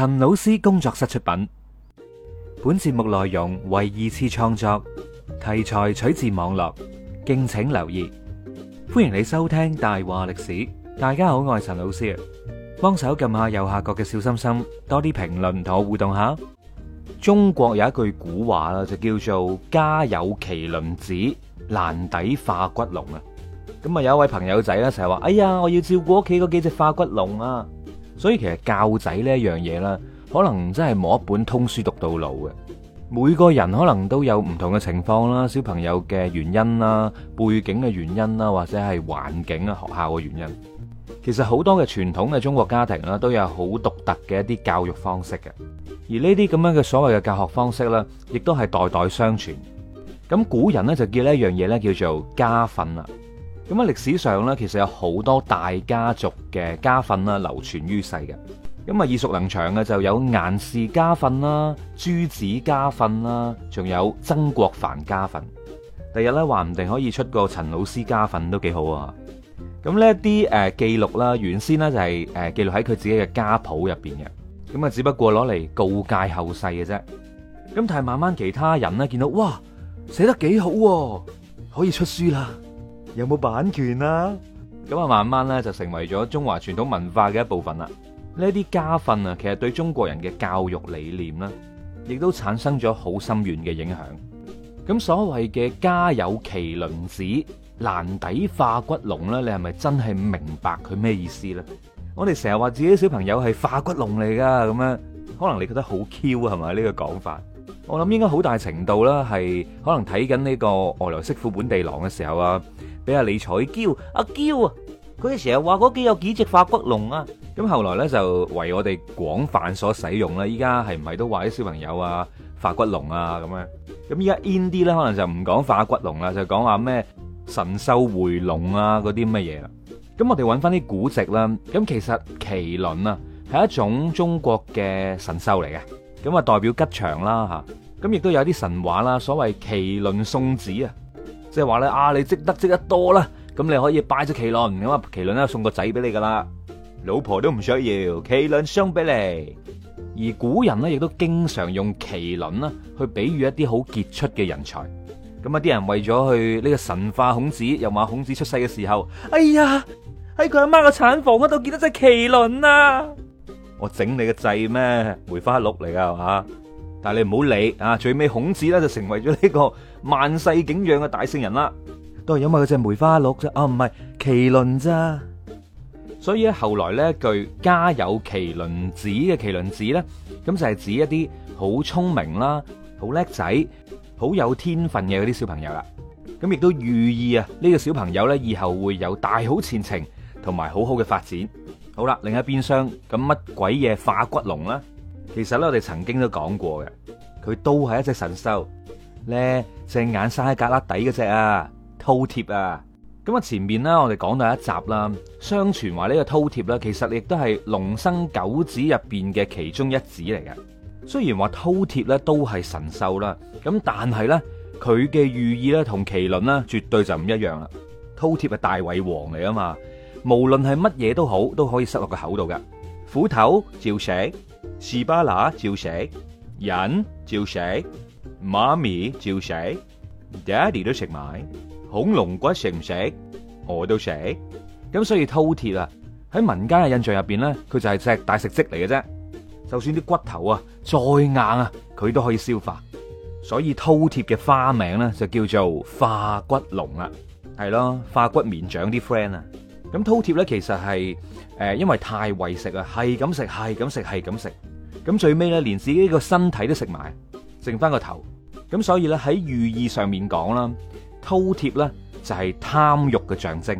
陳老師工作室出品，本節目內容為二次創作，題材取自網絡，敬請留意。歡迎你收聽《大話歷史》，大家好，我係陳老師，幫手撳下右下角嘅小心心，多啲評論同我互動下。中國有一句古話啦，就叫做家有麒麟子，難抵化骨龍啊！咁啊，有一位朋友仔咧成日話：哎呀，我要照顧屋企嗰幾隻化骨龍啊！所以其實教仔呢樣嘢啦，可能真係冇一本通書讀到老嘅。每個人可能都有唔同嘅情況啦，小朋友嘅原因啦，背景嘅原因啦，或者係環境啊、學校嘅原因。其實好多嘅傳統嘅中國家庭啦，都有好獨特嘅一啲教育方式嘅。而呢啲咁樣嘅所謂嘅教學方式咧，亦都係代代相傳。咁古人呢，就叫呢樣嘢呢，叫做家訓。咁喺歷史上咧，其實有好多大家族嘅家訓啦，流傳於世嘅。咁啊，耳熟能詳嘅就有顏氏家訓啦、朱子家訓啦，仲有曾國藩家訓。第日咧，話唔定可以出個陳老師家訓都幾好啊！咁呢一啲誒記錄啦，原先咧就係、是、誒、呃、記錄喺佢自己嘅家譜入邊嘅。咁啊，只不過攞嚟告誡後世嘅啫。咁但係慢慢其他人咧見到，哇，寫得幾好，啊，可以出書啦。有冇版權啊？咁啊，慢慢咧就成為咗中華傳統文化嘅一部分啦。呢啲家訓啊，其實對中國人嘅教育理念啦，亦都產生咗好深遠嘅影響。咁所謂嘅家有麒麟子，難抵化骨龍咧，你係咪真係明白佢咩意思咧？我哋成日話自己小朋友係化骨龍嚟噶，咁樣可能你覺得好 Q 啊，係咪呢個講法？我諗應該好大程度啦，係可能睇緊呢個外來媳婦本地郎嘅時候啊。俾阿李彩嬌，阿嬌啊，佢哋成日話嗰幾有幾隻化骨龍啊，咁後來咧就為我哋廣泛所使用啦。依家係唔係都話啲小朋友啊，化骨龍啊咁樣？咁依家 in 啲咧，可能就唔講化骨龍啦，就講話咩神獸回龍啊嗰啲乜嘢啦。咁我哋揾翻啲古籍啦。咁其實麒麟啊係一種中國嘅神獸嚟嘅，咁啊代表吉祥啦嚇。咁亦都有啲神話啦，所謂麒麟送子啊。即係話咧，啊你積得積得多啦，咁你可以拜咗麒麟，咁啊麒麟啊送個仔俾你噶啦，老婆都唔需要，麒麟相比你。而古人咧亦都經常用麒麟啦去比喻一啲好傑出嘅人才。咁啊啲人為咗去呢個神化孔子，又話孔子出世嘅時候，哎呀喺佢阿媽個產房嗰度見到隻麒麟啊！我整你個掣咩？梅花鹿嚟噶係但係你唔好理啊！最尾孔子咧就成為咗呢個萬世景仰嘅大聖人啦，都係因為佢隻梅花鹿啫啊，唔係麒麟咋。所以咧後來呢一句家有麒麟子嘅麒麟子咧，咁就係、是、指一啲好聰明啦、好叻仔、好有天分嘅嗰啲小朋友啦。咁亦都寓意啊，呢個小朋友咧以後會有大好前程同埋好好嘅發展。好啦，另一邊廂咁乜鬼嘢化骨龍啦？其實咧，我哋曾經都講過嘅，佢都係一隻神獸咧。隻，隻眼生喺旮旯底嗰隻啊，饕餮啊。咁啊，前面咧，我哋講到一集啦，相傳話呢個饕餮咧，其實亦都係龍生九子入邊嘅其中一子嚟嘅。雖然話饕餮咧都係神獸啦，咁但係咧佢嘅寓意咧同麒麟呢，絕對就唔一樣啦。饕餮係大胃王嚟啊嘛，無論係乜嘢都好，都可以塞落個口度噶，斧頭照食。士巴拿照食，人照食，媽咪照食，爹哋都食埋，恐龍骨食唔食？我都食。咁所以饕餮啊，喺民間嘅印象入邊咧，佢就係隻大食積嚟嘅啫。就算啲骨頭啊再硬啊，佢都可以消化。所以饕餮嘅花名咧就叫做化骨龍啦，係咯，化骨綿長啲 friend 啊。咁饕餮咧其實係誒，因為太為食啦，係咁食，係咁食，係咁食。咁最尾咧，連自己個身體都食埋，剩翻個頭。咁所以咧喺寓意上面講啦，饕餮咧就係貪慾嘅象徵。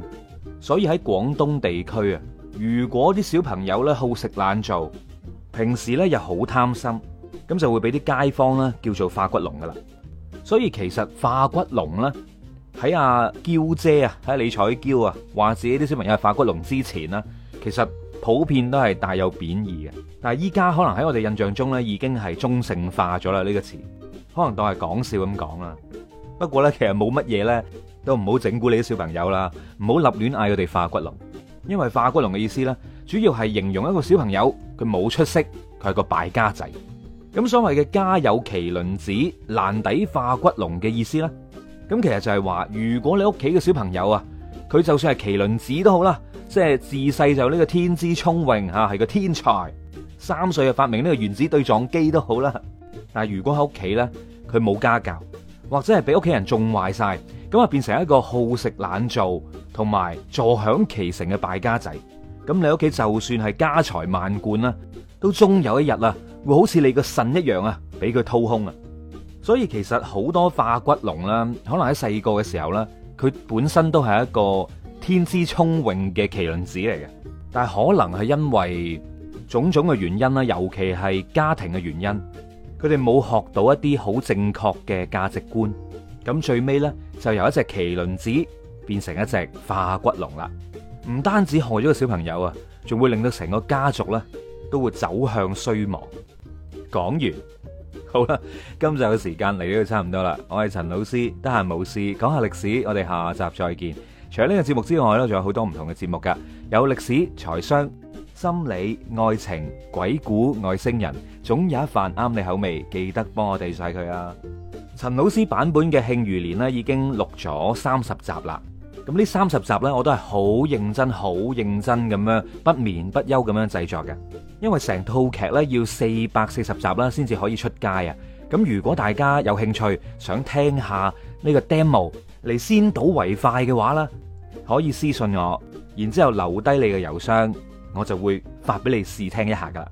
所以喺廣東地區啊，如果啲小朋友咧好食懶做，平時咧又好貪心，咁就會俾啲街坊咧叫做化骨龍噶啦。所以其實化骨龍咧喺阿嬌姐啊，喺李彩嬌啊，話自己啲小朋友係化骨龍之前啦，其實。普遍都係帶有貶義嘅，但係依家可能喺我哋印象中呢已經係中性化咗啦。呢個詞可能當係講笑咁講啦。不過呢，其實冇乜嘢呢，都唔好整蠱你啲小朋友啦，唔好立亂嗌佢哋化骨龍，因為化骨龍嘅意思呢，主要係形容一個小朋友佢冇出息，佢係個敗家仔。咁所謂嘅家有麒麟子，難抵化骨龍嘅意思呢，咁其實就係話，如果你屋企嘅小朋友啊，佢就算係麒麟子都好啦。即係自細就呢個天資聰穎吓，係個天才。三歲就發明呢個原子對撞機都好啦。但係如果喺屋企呢，佢冇家教，或者係俾屋企人縱壞晒，咁啊變成一個好食懶做同埋坐享其成嘅敗家仔。咁你屋企就算係家財萬貫啦，都終有一日啊，會好似你個腎一樣啊，俾佢掏空啊。所以其實好多化骨龍啦，可能喺細個嘅時候呢，佢本身都係一個。天資聰穎嘅麒麟子嚟嘅，但係可能係因為種種嘅原因啦，尤其係家庭嘅原因，佢哋冇學到一啲好正確嘅價值觀，咁最尾呢，就由一隻麒麟子變成一隻化骨龍啦。唔單止害咗個小朋友啊，仲會令到成個家族呢，都會走向衰亡。講完好啦，今集嘅時間嚟到差唔多啦，我係陳老師，得閒冇事講下歷史，我哋下集再見。除咗呢個節目之外咧，仲有好多唔同嘅節目噶，有歷史、財商、心理、愛情、鬼故、外星人，總有一番啱你口味。記得幫我哋晒佢啊！陳老師版本嘅《慶餘年》已經錄咗三十集啦。咁呢三十集我都係好認真、好認真咁樣不眠不休咁樣製作嘅，因為成套劇要四百四十集啦先至可以出街啊。咁如果大家有興趣想聽下呢個 demo 嚟先睹為快嘅話可以私信我，然之後留低你嘅郵箱，我就會發俾你試聽一下㗎。